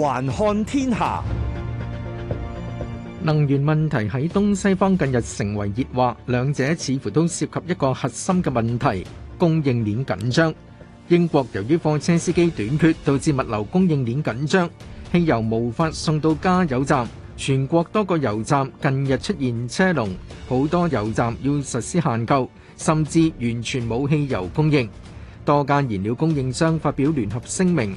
環看天下，能源問題喺東西方近日成為熱話，兩者似乎都涉及一個核心嘅問題：供應鏈緊張。英國由於貨車司機短缺，導致物流供應鏈緊張，汽油無法送到加油站，全國多個油站近日出現車龍，好多油站要實施限購，甚至完全冇汽油供應。多間燃料供應商發表聯合聲明。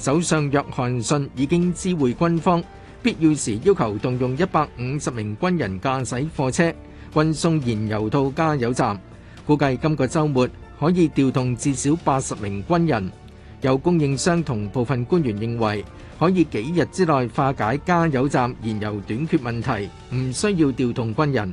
首相約翰遜已經知會軍方，必要時要求動用一百五十名軍人駕駛貨車運送燃油到加油站。估計今個周末可以調動至少八十名軍人。有供應商同部分官員認為，可以幾日之內化解加油站燃油短缺問題，唔需要調動軍人。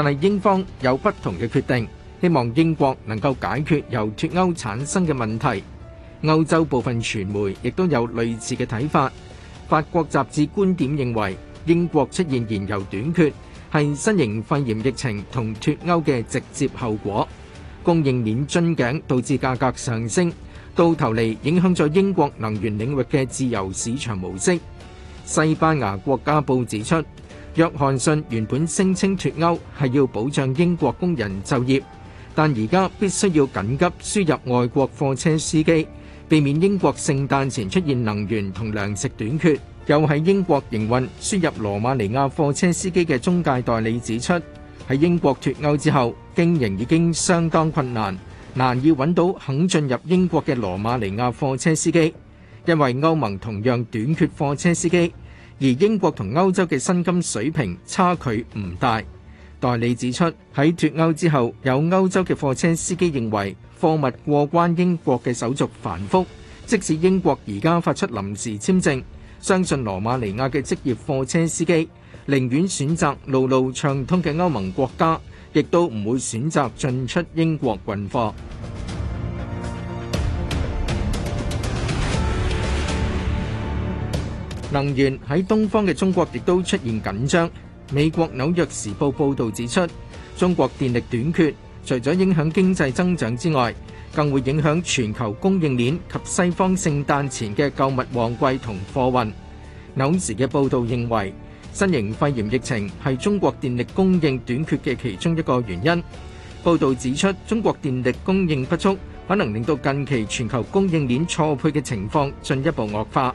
但係英方有不同嘅決定，希望英國能夠解決由脫歐產生嘅問題。歐洲部分傳媒亦都有類似嘅睇法。法國雜誌觀點認為，英國出現燃油短缺係新型肺炎疫情同脫歐嘅直接後果，供應鏈樽頸導致價格上升，到頭嚟影響咗英國能源領域嘅自由市場模式。西班牙國家報指出，約翰遜原本聲稱脫歐係要保障英國工人就業，但而家必須要緊急輸入外國貨車司機，避免英國聖誕前出現能源同糧食短缺。又喺英國營運輸入羅馬尼亞貨車司機嘅中介代理指出，喺英國脫歐之後，經營已經相當困難，難以揾到肯進入英國嘅羅馬尼亞貨車司機，因為歐盟同樣短缺貨車司機。而英國同歐洲嘅薪金水平差距唔大。代理指出，喺脫歐之後，有歐洲嘅貨車司機認為貨物過關英國嘅手續繁複，即使英國而家發出臨時簽證，相信羅馬尼亞嘅職業貨車司機寧願選擇路路暢通嘅歐盟國家，亦都唔會選擇進出英國運貨。能源喺東方嘅中國亦都出現緊張。美國紐約時報報道指出，中國電力短缺，除咗影響經濟增長之外，更會影響全球供應鏈及西方聖誕前嘅購物旺季同貨運。紐時嘅報道認為，新型肺炎疫情係中國電力供應短缺嘅其中一個原因。報道指出，中國電力供應不足，可能令到近期全球供應鏈錯配嘅情況進一步惡化。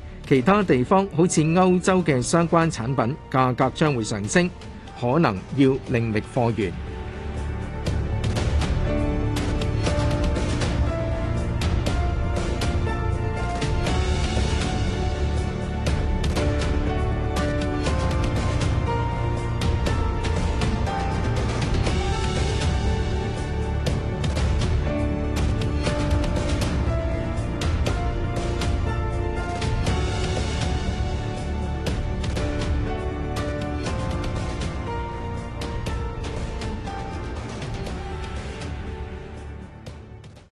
其他地方好似歐洲嘅相關產品價格將會上升，可能要另覓貨源。